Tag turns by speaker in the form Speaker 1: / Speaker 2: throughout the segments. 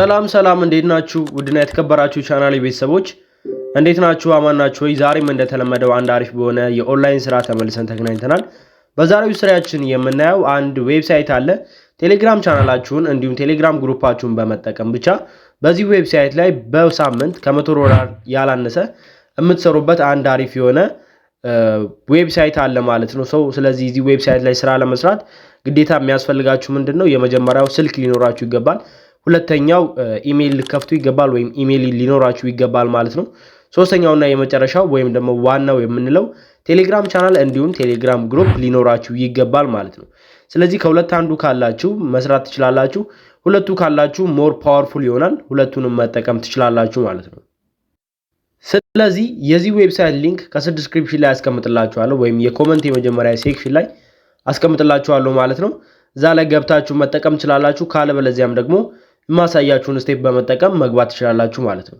Speaker 1: ሰላም ሰላም፣ እንዴት ናችሁ? ውድና የተከበራችሁ ቻናል ቤተሰቦች እንዴት ናችሁ? አማን ናችሁ ወይ? ዛሬም እንደተለመደው አንድ አሪፍ በሆነ የኦንላይን ስራ ተመልሰን ተገናኝተናል። በዛሬው ስራያችን የምናየው አንድ ዌብሳይት አለ። ቴሌግራም ቻናላችሁን እንዲሁም ቴሌግራም ግሩፓችሁን በመጠቀም ብቻ በዚህ ዌብሳይት ላይ በሳምንት ከመቶ ዶላር ያላነሰ የምትሰሩበት አንድ አሪፍ የሆነ ዌብሳይት አለ ማለት ነው። ሰው ስለዚህ እዚህ ዌብሳይት ላይ ስራ ለመስራት ግዴታ የሚያስፈልጋችሁ ምንድን ነው? የመጀመሪያው ስልክ ሊኖራችሁ ይገባል። ሁለተኛው ኢሜይል ልከፍቱ ይገባል ወይም ኢሜይል ሊኖራችሁ ይገባል ማለት ነው። ሶስተኛውና የመጨረሻው ወይም ደግሞ ዋናው የምንለው ቴሌግራም ቻናል እንዲሁም ቴሌግራም ግሩፕ ሊኖራችሁ ይገባል ማለት ነው። ስለዚህ ከሁለት አንዱ ካላችሁ መስራት ትችላላችሁ። ሁለቱ ካላችሁ ሞር ፓወርፉል ይሆናል። ሁለቱንም መጠቀም ትችላላችሁ ማለት ነው። ስለዚህ የዚህ ዌብሳይት ሊንክ ከስር ዲስክሪፕሽን ላይ አስቀምጥላችኋለሁ ወይም የኮመንት የመጀመሪያ ሴክሽን ላይ አስቀምጥላችኋለሁ ማለት ነው። እዛ ላይ ገብታችሁ መጠቀም ትችላላችሁ። ካለበለዚያም ደግሞ የማሳያችሁን ስቴፕ በመጠቀም መግባት ትችላላችሁ ማለት ነው።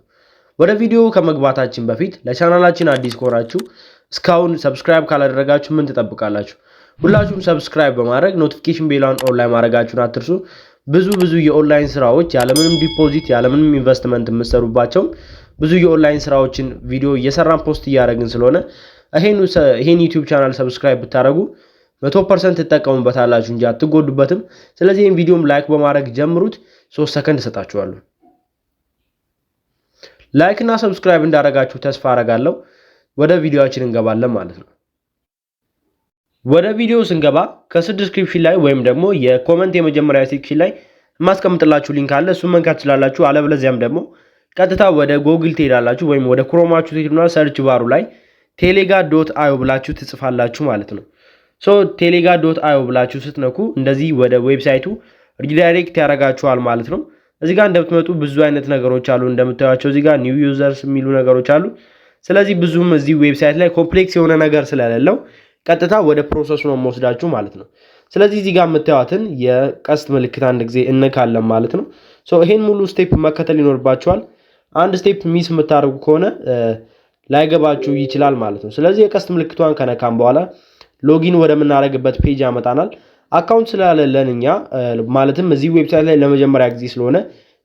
Speaker 1: ወደ ቪዲዮ ከመግባታችን በፊት ለቻናላችን አዲስ ከሆናችሁ እስካሁን ሰብስክራይብ ካላደረጋችሁ ምን ትጠብቃላችሁ? ሁላችሁም ሰብስክራይብ በማድረግ ኖቲፊኬሽን ቤላን ኦንላይን ማድረጋችሁን አትርሱ። ብዙ ብዙ የኦንላይን ስራዎች ያለምንም ዲፖዚት ያለምንም ኢንቨስትመንት የምትሰሩባቸው ብዙ የኦንላይን ስራዎችን ቪዲዮ እየሰራን ፖስት እያደረግን ስለሆነ ይሄን ዩቲዩብ ቻናል ሰብስክራይብ ብታደረጉ መቶ ፐርሰንት ትጠቀሙበታላችሁ እንጂ አትጎዱበትም። ስለዚህ ይህን ቪዲዮም ላይክ በማድረግ ጀምሩት። ሶስት ሰከንድ እሰጣችኋለሁ። ላይክ እና ሰብስክራይብ እንዳደረጋችሁ ተስፋ አረጋለሁ። ወደ ቪዲዮአችን እንገባለን ማለት ነው። ወደ ቪዲዮ ስንገባ ከስር ዲስክሪፕሽን ላይ ወይም ደግሞ የኮመንት የመጀመሪያ ሴክሽን ላይ የማስቀምጥላችሁ ሊንክ አለ። እሱን መንካት ትችላላችሁ። አለበለዚያም ደግሞ ቀጥታ ወደ ጎግል ትሄዳላችሁ ወይም ወደ ክሮማችሁ ትሄዱና ሰርች ባሩ ላይ ቴሌጋ ዶት አዮ ብላችሁ ትጽፋላችሁ ማለት ነው። ሶ ቴሌጋ ዶት አዮ ብላችሁ ስትነኩ እንደዚህ ወደ ዌብሳይቱ ሪዳይሬክት ያደርጋችኋል ማለት ነው። እዚህ ጋር እንደምትመጡ ብዙ አይነት ነገሮች አሉ እንደምታዩቸው፣ እዚህ ጋር ኒው ዩዘርስ የሚሉ ነገሮች አሉ። ስለዚህ ብዙም እዚህ ዌብሳይት ላይ ኮምፕሌክስ የሆነ ነገር ስለሌለው ቀጥታ ወደ ፕሮሰሱ ነው የምወስዳችሁ ማለት ነው። ስለዚህ እዚህ ጋር የምታዩትን የቀስት ምልክት አንድ ጊዜ እንካለን ማለት ነው። ይሄን ሙሉ ስቴፕ መከተል ይኖርባችኋል። አንድ ስቴፕ ሚስ የምታደርጉ ከሆነ ላይገባችሁ ይችላል ማለት ነው። ስለዚህ የቀስት ምልክቷን ከነካም በኋላ ሎጊን ወደምናደርግበት ፔጅ ያመጣናል። አካውንት ስላለለን እኛ ማለትም እዚህ ዌብሳይት ላይ ለመጀመሪያ ጊዜ ስለሆነ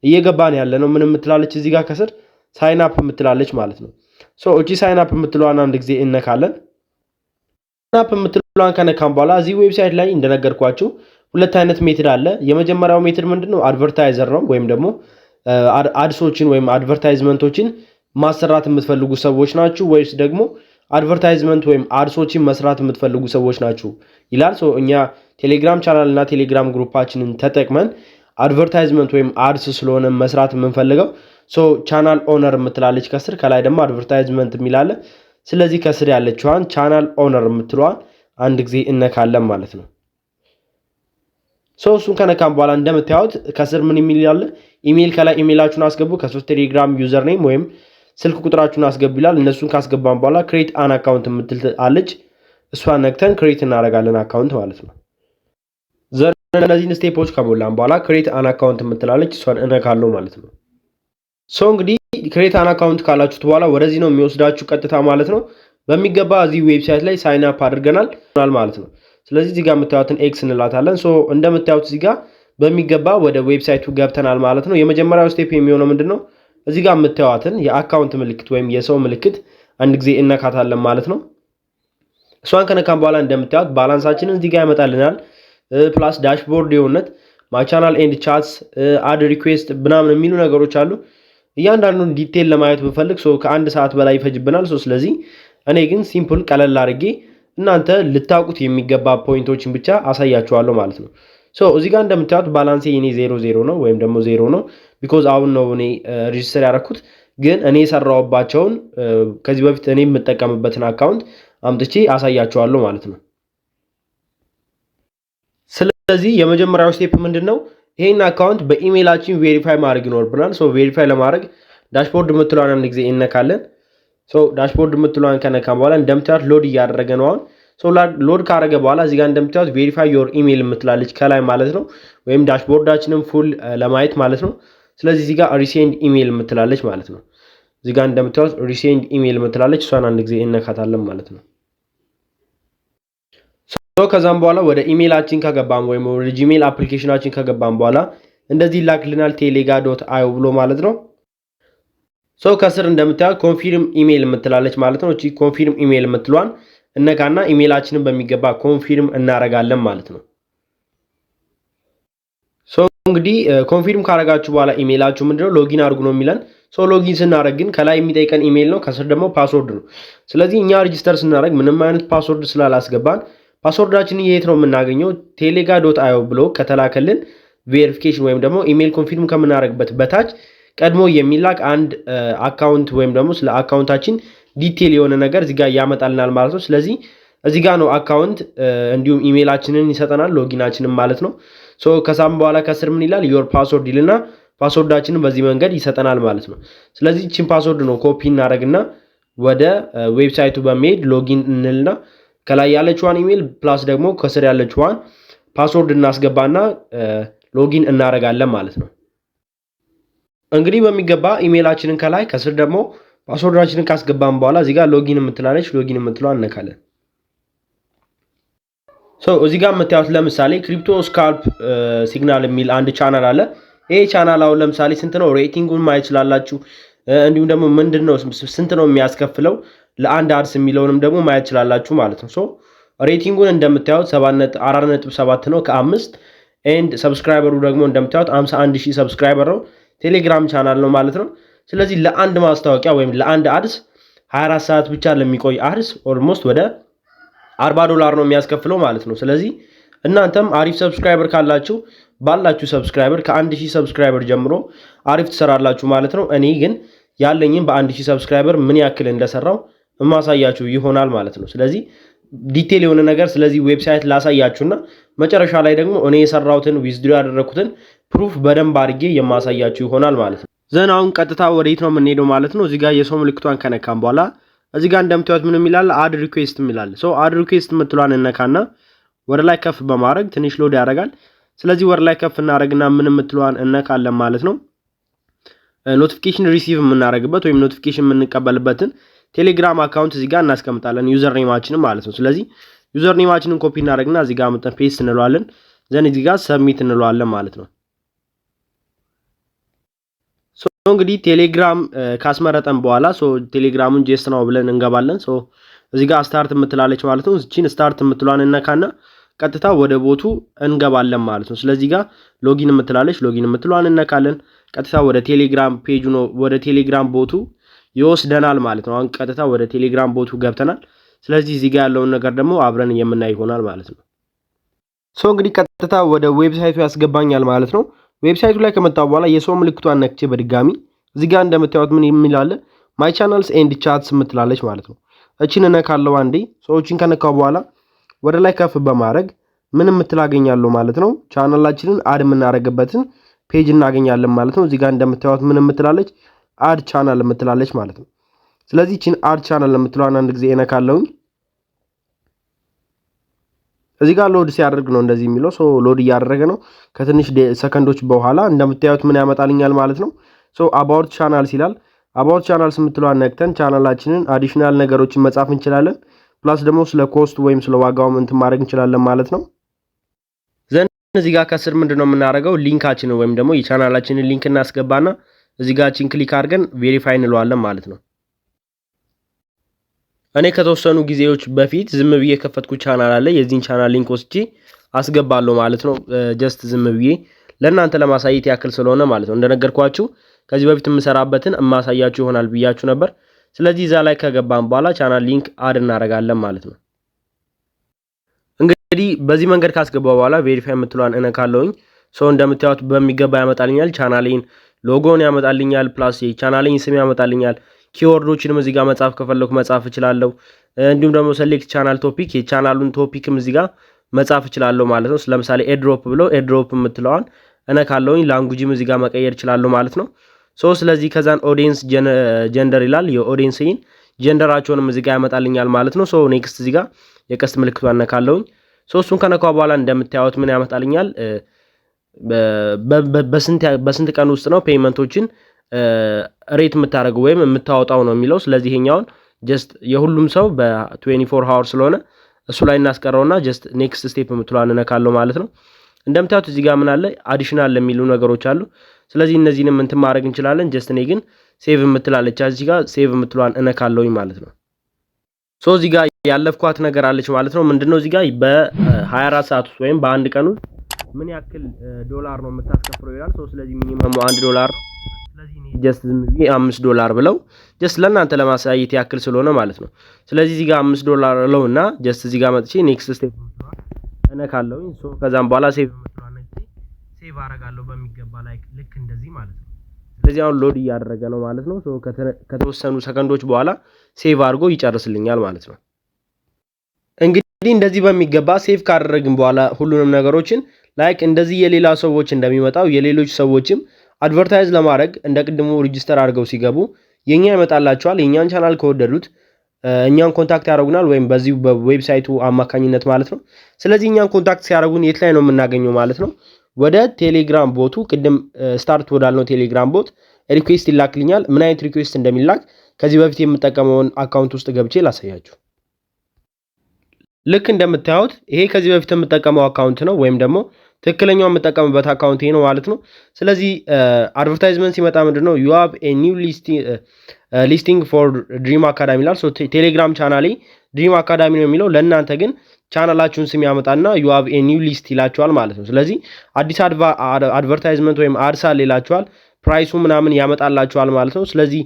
Speaker 1: እየገባን ያለ ነው። ምን የምትላለች እዚህ ጋር ከስር ሳይን አፕ የምትላለች ማለት ነው። ሶ እቺ ሳይን አፕ የምትለዋን አንድ ጊዜ እነካለን። ሳይን አፕ የምትለዋን ከነካም በኋላ እዚህ ዌብሳይት ላይ እንደነገርኳችሁ ሁለት አይነት ሜትድ አለ። የመጀመሪያው ሜትድ ምንድን ነው? አድቨርታይዘር ነው ወይም ደግሞ አድሶችን ወይም አድቨርታይዝመንቶችን ማሰራት የምትፈልጉ ሰዎች ናችሁ ወይስ ደግሞ አድቨርታይዝመንት ወይም አድሶችን መስራት የምትፈልጉ ሰዎች ናችሁ ይላል እኛ ቴሌግራም ቻናል እና ቴሌግራም ግሩፓችንን ተጠቅመን አድቨርታይዝመንት ወይም አድስ ስለሆነ መስራት የምንፈልገው ሶ ቻናል ኦነር የምትላለች ከስር ከላይ ደግሞ አድቨርታይዝመንት የሚላለ ስለዚህ ከስር ያለችዋን ቻናል ኦነር የምትለዋን አንድ ጊዜ እነካለን ማለት ነው። ሶ እሱን ከነካም በኋላ እንደምታዩት ከስር ምን የሚል ያለ ኢሜይል ከላይ ኢሜይላችሁን አስገቡ፣ ከሶስት ቴሌግራም ዩዘር ኔም ወይም ስልክ ቁጥራችሁን አስገቡ ይላል። እነሱን ካስገባን በኋላ ክሬት አን አካውንት የምትል አለች። እሷን ነክተን ክሬት እናደርጋለን አካውንት ማለት ነው። እነዚህን ስቴፖች ከሞላን በኋላ ክሬት አን አካውንት የምትላለች እሷን እነካለው ማለት ነው። ሶ እንግዲህ ክሬት አን አካውንት ካላችሁት በኋላ ወደዚህ ነው የሚወስዳችሁ ቀጥታ ማለት ነው። በሚገባ እዚህ ዌብሳይት ላይ ሳይን አፕ አድርገናል ማለት ነው። ስለዚህ እዚህ ጋር የምታዩትን ኤክስ እንላታለን። ሶ እንደምታዩት እዚህ ጋር በሚገባ ወደ ዌብሳይቱ ገብተናል ማለት ነው። የመጀመሪያው ስቴፕ የሚሆነው ምንድን ነው? እዚህ ጋር የምታዩትን የአካውንት ምልክት ወይም የሰው ምልክት አንድ ጊዜ እነካታለን ማለት ነው። እሷን ከነካን በኋላ እንደምታዩት ባላንሳችንን እዚህ ጋር ያመጣልናል። ፕላስ ዳሽቦርድ የሆነት ማቻናል ኤንድ ቻትስ አድ ሪኩዌስት ምናምን የሚሉ ነገሮች አሉ። እያንዳንዱን ዲቴል ለማየት ብፈልግ ከአንድ ሰዓት በላይ ይፈጅብናል። ስለዚህ እኔ ግን ሲምፕል ቀለል አድርጌ እናንተ ልታውቁት የሚገባ ፖይንቶችን ብቻ አሳያችኋለሁ ማለት ነው። እዚህ ጋር እንደምታዩት ባላንሴ እኔ ዜሮ ዜሮ ነው ወይም ደግሞ ዜሮ ነው። ቢኮዝ አሁን ነው እኔ ሬጅስተር ያደረኩት። ግን እኔ የሰራውባቸውን ከዚህ በፊት እኔ የምጠቀምበትን አካውንት አምጥቼ አሳያችኋለሁ ማለት ነው። ስለዚህ የመጀመሪያው ስቴፕ ምንድን ነው? ይህን አካውንት በኢሜይላችን ቬሪፋይ ማድረግ ይኖርብናል። ሶ ቬሪፋይ ለማድረግ ዳሽቦርድ የምትሏን አንድ ጊዜ እነካለን። ሶ ዳሽቦርድ የምትለዋን ከነካን በኋላ እንደምታዩት ሎድ እያደረገ ነው አሁን ሎድ ካደረገ በኋላ እዚጋ እንደምታዩት ቬሪፋይ ዮር ኢሜይል የምትላለች ከላይ ማለት ነው፣ ወይም ዳሽቦርዳችንን ፉል uh, ለማየት ማለት ነው። ስለዚህ እዚጋ ሪሴንድ ኢሜይል የምትላለች ማለት ነው። እዚጋ እንደምታዩት ሪሴንድ ኢሜይል የምትላለች እሷን አንድ ጊዜ እነካታለን ማለት ነው። ከዛም በኋላ ወደ ኢሜይላችን ከገባን ወይም ወደ ጂሜል አፕሊኬሽናችን ከገባም በኋላ እንደዚህ ላክልናል ቴሌጋ ዶት አዮ ብሎ ማለት ነው። ሰው ከስር እንደምታዩት ኮንፊርም ኢሜይል የምትላለች ማለት ነው። እቺ ኮንፊርም ኢሜይል የምትሏን እነካና ኢሜይላችንን በሚገባ ኮንፊርም እናረጋለን ማለት ነው። እንግዲህ ኮንፊርም ካረጋችሁ በኋላ ኢሜይላችሁ ምንድነው ሎጊን አድርጉ ነው የሚለን። ሶ ሎጊን ስናደረግ ግን ከላይ የሚጠይቀን ኢሜይል ነው፣ ከስር ደግሞ ፓስወርድ ነው። ስለዚህ እኛ ሬጅስተር ስናደረግ ምንም አይነት ፓስወርድ ስላላስገባን ፓስወርዳችን የት ነው የምናገኘው? ቴሌጋ ዶት አዮ ብሎ ከተላከልን ቬሪፊኬሽን ወይም ደግሞ ኢሜይል ኮንፊርም ከምናደርግበት በታች ቀድሞ የሚላክ አንድ አካውንት ወይም ደግሞ ስለ አካውንታችን ዲቴል የሆነ ነገር እዚጋ ያመጣልናል ማለት ነው። ስለዚህ እዚጋ ነው አካውንት እንዲሁም ኢሜይላችንን ይሰጠናል ሎጊናችንን ማለት ነው። ሶ ከሳም በኋላ ከስር ምን ይላል ዮር ፓስወርድ ይልና ፓስወርዳችንን በዚህ መንገድ ይሰጠናል ማለት ነው። ስለዚህ ቺን ፓስወርድ ነው ኮፒ እናደርግና ወደ ዌብሳይቱ በመሄድ ሎጊን እንልና ከላይ ያለችዋን ኢሜል ፕላስ ደግሞ ከስር ያለችዋን ፓስወርድ እናስገባና ሎጊን እናደርጋለን ማለት ነው። እንግዲህ በሚገባ ኢሜላችንን ከላይ ከስር ደግሞ ፓስወርዳችንን ካስገባን በኋላ እዚህ ጋር ሎጊን የምትላለች ሎጊን የምትለው አነካለን። እዚህ ጋር የምታዩት ለምሳሌ ክሪፕቶ ስካልፕ ሲግናል የሚል አንድ ቻናል አለ። ይሄ ቻናል አሁን ለምሳሌ ስንት ነው ሬቲንጉን ማየት ይችላላችሁ። እንዲሁም ደግሞ ምንድን ነው ስንት ነው የሚያስከፍለው ለአንድ አርስ የሚለውንም ደግሞ ማየት ይችላላችሁ ማለት ነው። ሶ ሬቲንጉን እንደምታዩት አራት ነጥብ ሰባት ነው ከአምስት ኤንድ ሰብስክራይበሩ ደግሞ እንደምታዩት 51 ሺህ ሰብስክራይበር ነው። ቴሌግራም ቻናል ነው ማለት ነው። ስለዚህ ለአንድ ማስታወቂያ ወይም ለአንድ አድስ 24 ሰዓት ብቻ ለሚቆይ አድስ ኦልሞስት ወደ 40 ዶላር ነው የሚያስከፍለው ማለት ነው። ስለዚህ እናንተም አሪፍ ሰብስክራይበር ካላችሁ ባላችሁ ሰብስክራይበር ከአንድ ሺህ ሰብስክራይበር ጀምሮ አሪፍ ትሰራላችሁ ማለት ነው። እኔ ግን ያለኝም በአንድ ሺህ ሰብስክራይበር ምን ያክል እንደሰራው የማሳያችሁ ይሆናል ማለት ነው። ስለዚህ ዲቴል የሆነ ነገር ስለዚህ ዌብሳይት ላሳያችሁና መጨረሻ ላይ ደግሞ እኔ የሰራሁትን ዊዝድሮ ያደረኩትን ፕሩፍ በደንብ አድርጌ የማሳያችሁ ይሆናል ማለት ነው። ዘን አሁን ቀጥታ ወዴት ነው የምንሄደው ማለት ነው። እዚጋ የሰው ምልክቷን ከነካን በኋላ እዚጋ እንደምታዩት ምንም ይላል አድ ሪኩዌስት ይላል። ሰው አድ ሪኩዌስት የምትሏን እነካና ወደ ላይ ከፍ በማድረግ ትንሽ ሎድ ያደርጋል። ስለዚህ ወደ ላይ ከፍ እናደረግና ምን የምትሏን እነካለን ማለት ነው። ኖቲፊኬሽን ሪሲቭ የምናደረግበት ወይም ኖቲፊኬሽን የምንቀበልበትን ቴሌግራም አካውንት እዚህ ጋር እናስቀምጣለን ዩዘር ኔማችንን ማለት ነው። ስለዚህ ዩዘር ኔማችንን ኮፒ እናደርግና እዚህ ጋር መጠን ፔስት እንለዋለን። ዘን እዚህ ጋር ሰብሚት እንለዋለን ማለት ነው። ሶ እንግዲህ ቴሌግራም ካስመረጠን በኋላ ሶ ቴሌግራሙን ጄስት ነው ብለን እንገባለን። ሶ እዚህ ጋር ስታርት የምትላለች ማለት ነው። እቺን ስታርት የምትሏን እነካና ቀጥታ ወደ ቦቱ እንገባለን ማለት ነው። ስለዚህ ጋር ሎጊን የምትላለች ሎጊን የምትሏን እነካለን። ቀጥታ ወደ ቴሌግራም ፔጁ ነው ወደ ቴሌግራም ቦቱ ይወስደናል ማለት ነው። አሁን ቀጥታ ወደ ቴሌግራም ቦቱ ገብተናል። ስለዚህ እዚህ ጋር ያለውን ነገር ደግሞ አብረን የምናይ ይሆናል ማለት ነው። ሶ እንግዲህ ቀጥታ ወደ ዌብሳይቱ ያስገባኛል ማለት ነው። ዌብሳይቱ ላይ ከመጣ በኋላ የሰው ምልክቷን ነክቼ በድጋሚ እዚህ ጋር እንደምታዩት ምን የሚላለ ማይ ቻናልስ ኤንድ ቻትስ የምትላለች ማለት ነው። እችን እነካለው አንዴ። ሰዎችን ከነካው በኋላ ወደ ላይ ከፍ በማድረግ ምን የምትላገኛለሁ ማለት ነው። ቻናላችንን አድ የምናደርግበትን ፔጅ እናገኛለን ማለት ነው። እዚህ ጋር እንደምታዩት ምን የምትላለች አድ ቻናል የምትላለች ማለት ነው። ስለዚህ ቺን አድ ቻናል የምትለዋን አንድ ጊዜ እነካለሁኝ። እዚህ ጋር ሎድ ሲያደርግ ነው እንደዚህ የሚለው ሶ ሎድ እያደረገ ነው። ከትንሽ ሰከንዶች በኋላ እንደምታዩት ምን ያመጣልኛል ማለት ነው። ሶ አባውት ቻናል ሲላል አባውት ቻናል የምትለዋን ነክተን ቻናላችንን አዲሽናል ነገሮችን መጻፍ እንችላለን። ፕላስ ደግሞ ስለ ኮስት ወይም ስለ ዋጋውም እንትን ማድረግ እንችላለን ማለት ነው። ዘን እዚህ ጋር ከስር ምንድነው የምናደርገው ሊንካችንን ወይም ደግሞ የቻናላችንን ሊንክ እናስገባና እዚህ ጋር ቺን ክሊክ አድርገን ቬሪፋይ እንለዋለን ማለት ነው። እኔ ከተወሰኑ ጊዜዎች በፊት ዝም ብዬ የከፈትኩት ቻናል አለ። የዚህን ቻናል ሊንክ ወስጄ አስገባለሁ ማለት ነው። ጀስት ዝም ብዬ ለእናንተ ለማሳየት ያክል ስለሆነ ማለት ነው። እንደነገርኳችሁ ከዚህ በፊት የምሰራበትን የማሳያችሁ ይሆናል ብያችሁ ነበር። ስለዚህ እዛ ላይ ከገባን በኋላ ቻናል ሊንክ አድ እናደርጋለን ማለት ነው። እንግዲህ በዚህ መንገድ ካስገባ በኋላ ቬሪፋይ የምትሏን እነካለውኝ ሰው እንደምታዩት በሚገባ ያመጣልኛል ቻናሌን ሎጎን ያመጣልኛል፣ ፕላስ የቻናልኝ ስም ያመጣልኛል። ኪወርዶችንም እዚህ ጋር መጻፍ ከፈለኩ መጻፍ እችላለሁ። እንዲሁም ደግሞ ሴሌክት ቻናል ቶፒክ የቻናሉን ቶፒክም እዚህ ጋር መጻፍ እችላለሁ ማለት ነው። ለምሳሌ ኤድሮፕ ብለው ኤድሮፕ የምትለዋን እነካለሁኝ። ላንጉጅም እዚህ ጋር መቀየር እችላለሁ ማለት ነው። ሶ ስለዚህ ከዛን ኦዲየንስ ጀንደር ይላል። የኦዲየንስን ጀንደራቸውንም እዚህ ጋር ያመጣልኛል ማለት ነው። ሶ ኔክስት እዚህ ጋር የቀስት ምልክቱ ያነካለሁኝ። ሶ እሱን ከነካ በኋላ እንደምታዩት ምን ያመጣልኛል በስንት ቀን ውስጥ ነው ፔይመንቶችን ሬት የምታደርገው ወይም የምታወጣው ነው የሚለው። ስለዚህ ይሄኛውን ጀስት የሁሉም ሰው በ24 ሃወር ስለሆነ እሱ ላይ እናስቀረውና ጀስት ኔክስት ስቴፕ የምትለዋን እነካለው ማለት ነው። እንደምታዩት እዚህ ጋር ምን አለ አዲሽናል የሚሉ ነገሮች አሉ። ስለዚህ እነዚህንም እንትን ማድረግ እንችላለን። ጀስት እኔ ግን ሴቭ የምትላለች እዚህ ጋር ሴቭ የምትለዋን እነካለውኝ ማለት ነው። ሶ እዚህ ጋር ያለፍኳት ነገር አለች ማለት ነው። ምንድነው እዚህ ጋር በ24 ሰዓት ውስጥ ወይም በአንድ ቀን ውስጥ ምን ያክል ዶላር ነው የምታስከፍለው ይላል። ሰው ስለዚህ ሚኒመሙ አንድ ዶላር ነው። ጀስት አምስት ዶላር ብለው ጀስት ለእናንተ ለማሳየት ያክል ስለሆነ ማለት ነው። ስለዚህ እዚህ ጋር አምስት ዶላር ለው እና ጀስት እዚህ ጋር መጥቼ ኔክስት ስቴፕ እነካለሁ። ከዛም በኋላ ሴቭ ሴቭ አረጋለሁ በሚገባ ላይ ልክ እንደዚህ ማለት ነው። ስለዚህ አሁን ሎድ እያደረገ ነው ማለት ነው። ከተወሰኑ ሰከንዶች በኋላ ሴቭ አድርጎ ይጨርስልኛል ማለት ነው። እንግዲህ እንደዚህ በሚገባ ሴቭ ካደረግን በኋላ ሁሉንም ነገሮችን ላይክ እንደዚህ የሌላ ሰዎች እንደሚመጣው የሌሎች ሰዎችም አድቨርታይዝ ለማድረግ እንደ ቅድሙ ሪጅስተር አድርገው ሲገቡ የእኛ ይመጣላቸዋል። የእኛን ቻናል ከወደዱት እኛን ኮንታክት ያደረጉናል፣ ወይም በዚሁ በዌብሳይቱ አማካኝነት ማለት ነው። ስለዚህ እኛን ኮንታክት ሲያደረጉን የት ላይ ነው የምናገኘው ማለት ነው? ወደ ቴሌግራም ቦቱ ቅድም ስታርት ወዳልነው ቴሌግራም ቦት ሪኩዌስት ይላክልኛል። ምን አይነት ሪኩዌስት እንደሚላክ ከዚህ በፊት የምጠቀመውን አካውንት ውስጥ ገብቼ ላሳያችሁ። ልክ እንደምታዩት ይሄ ከዚህ በፊት የምጠቀመው አካውንት ነው ወይም ደግሞ ትክክለኛው የምጠቀምበት አካውንት ይሄ ነው ማለት ነው። ስለዚህ አድቨርታይዝመንት ሲመጣ ምንድን ነው ዩ ሃቭ ኤ ኒው ሊስቲንግ ፎር ድሪም አካዳሚ ይላል። ቴሌግራም ቻናሌ ድሪም አካዳሚ ነው የሚለው ለእናንተ ግን ቻናላችሁን ስም ያመጣና ዩ ሃቭ ኤ ኒው ሊስት ይላችኋል ማለት ነው። ስለዚህ አዲስ አድቨርታይዝመንት ወይም አድሳል ይላችኋል። ፕራይሱ ምናምን ያመጣላችኋል ማለት ነው። ስለዚህ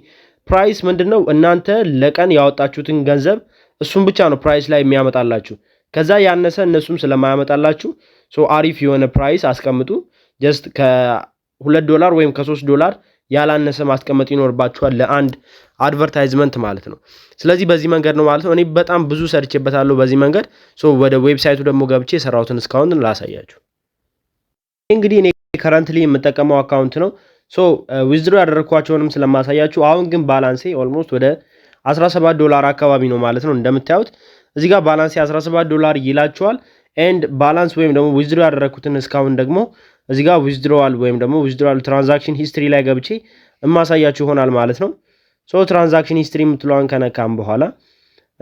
Speaker 1: ፕራይስ ምንድን ነው እናንተ ለቀን ያወጣችሁትን ገንዘብ እሱን ብቻ ነው ፕራይስ ላይ የሚያመጣላችሁ። ከዛ ያነሰ እነሱም ስለማያመጣላችሁ ሰው አሪፍ የሆነ ፕራይስ አስቀምጡ። ጀስት ከሁለት ዶላር ወይም ከሶስት ዶላር ያላነሰ ማስቀመጥ ይኖርባችኋል ለአንድ አድቨርታይዝመንት ማለት ነው። ስለዚህ በዚህ መንገድ ነው ማለት ነው። እኔ በጣም ብዙ ሰርቼበታለሁ በዚህ መንገድ። ወደ ዌብሳይቱ ደግሞ ገብቼ የሰራሁትን እስካሁን ላሳያችሁ። እንግዲህ እኔ ከረንትሊ የምጠቀመው አካውንት ነው። ሶ ዊዝድሮ ያደረግኳቸውንም ስለማሳያችሁ አሁን ግን ባላንሴ ኦልሞስት ወደ 17 ዶላር አካባቢ ነው ማለት ነው እንደምታዩት እዚህ ጋር ባላንስ 17 ዶላር ይላችኋል። ኤንድ ባላንስ ወይም ደግሞ ዊዝድሮ ያደረግኩትን እስካሁን ደግሞ እዚህ ጋር ዊዝድሮዋል ወይም ደግሞ ዊዝድሮዋል ትራንዛክሽን ሂስትሪ ላይ ገብቼ እማሳያችሁ ይሆናል ማለት ነው። ሶ ትራንዛክሽን ሂስትሪ የምትለዋን ከነካም በኋላ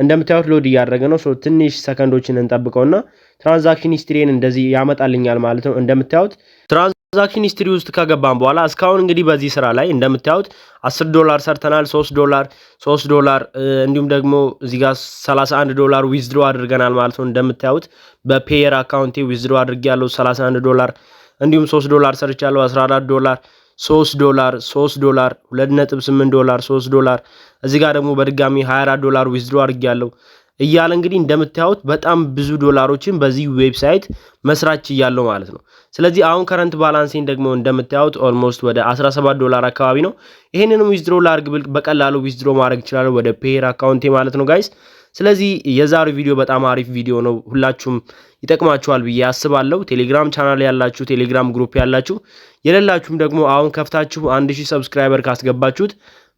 Speaker 1: እንደምታዩት ሎድ እያደረገ ነው። ሶ ትንሽ ሰከንዶችን እንጠብቀውና ትራንዛክሽን ሂስትሪን እንደዚህ ያመጣልኛል ማለት ነው እንደምታዩት ትራንዛክሽን ሂስትሪ ውስጥ ከገባን በኋላ እስካሁን እንግዲህ በዚህ ስራ ላይ እንደምታዩት 10 ዶላር ሰርተናል፣ 3 ዶላር 3 ዶላር እንዲሁም ደግሞ እዚህ ጋር 31 ዶላር ዊዝድሮ አድርገናል ማለት ነው። እንደምታዩት በፔየር አካውንቴ ዊዝድሮ አድርጌያለሁ 31 ዶላር እንዲሁም 3 ዶላር ሰርቻለሁ 14 ዶላር 3 ዶላር 3 ዶላር 2.8 ዶላር 3 ዶላር እዚህ ጋር ደግሞ በድጋሚ 24 ዶላር ዊዝድሮ አድርጌያለሁ። እያለ እንግዲህ እንደምታዩት በጣም ብዙ ዶላሮችን በዚህ ዌብሳይት መስራች እያለው ማለት ነው። ስለዚህ አሁን ከረንት ባላንሴን ደግሞ እንደምታዩት ኦልሞስት ወደ 17 ዶላር አካባቢ ነው። ይህንንም ዊዝድሮ ላርግ ብል በቀላሉ ዊዝድሮ ማድረግ እችላለሁ ወደ ፔር አካውንቴ ማለት ነው ጋይስ። ስለዚህ የዛሬው ቪዲዮ በጣም አሪፍ ቪዲዮ ነው። ሁላችሁም ይጠቅማችኋል ብዬ አስባለሁ። ቴሌግራም ቻናል ያላችሁ፣ ቴሌግራም ግሩፕ ያላችሁ፣ የሌላችሁም ደግሞ አሁን ከፍታችሁ አንድ ሺህ ሰብስክራይበር ካስገባችሁት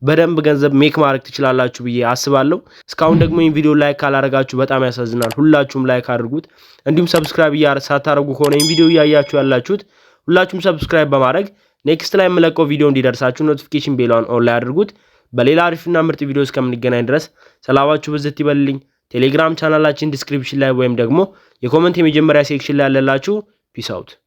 Speaker 1: በደንብ ገንዘብ ሜክ ማድረግ ትችላላችሁ ብዬ አስባለሁ። እስካሁን ደግሞ ይህን ቪዲዮ ላይክ ካላረጋችሁ በጣም ያሳዝናል። ሁላችሁም ላይክ አድርጉት። እንዲሁም ሰብስክራይብ ሳታደርጉ ከሆነ ይህን ቪዲዮ እያያችሁ ያላችሁት ሁላችሁም ሰብስክራይብ በማድረግ ኔክስት ላይ የምለቀው ቪዲዮ እንዲደርሳችሁ ኖቲፊኬሽን ቤሏን ኦን ላይ አድርጉት። በሌላ አሪፍና ምርጥ ቪዲዮ እስከምንገናኝ ድረስ ሰላማችሁ ብዝት ይበልልኝ። ቴሌግራም ቻናላችን ዲስክሪፕሽን ላይ ወይም ደግሞ የኮመንት የመጀመሪያ ሴክሽን ላይ ያለላችሁ ፒስ አውት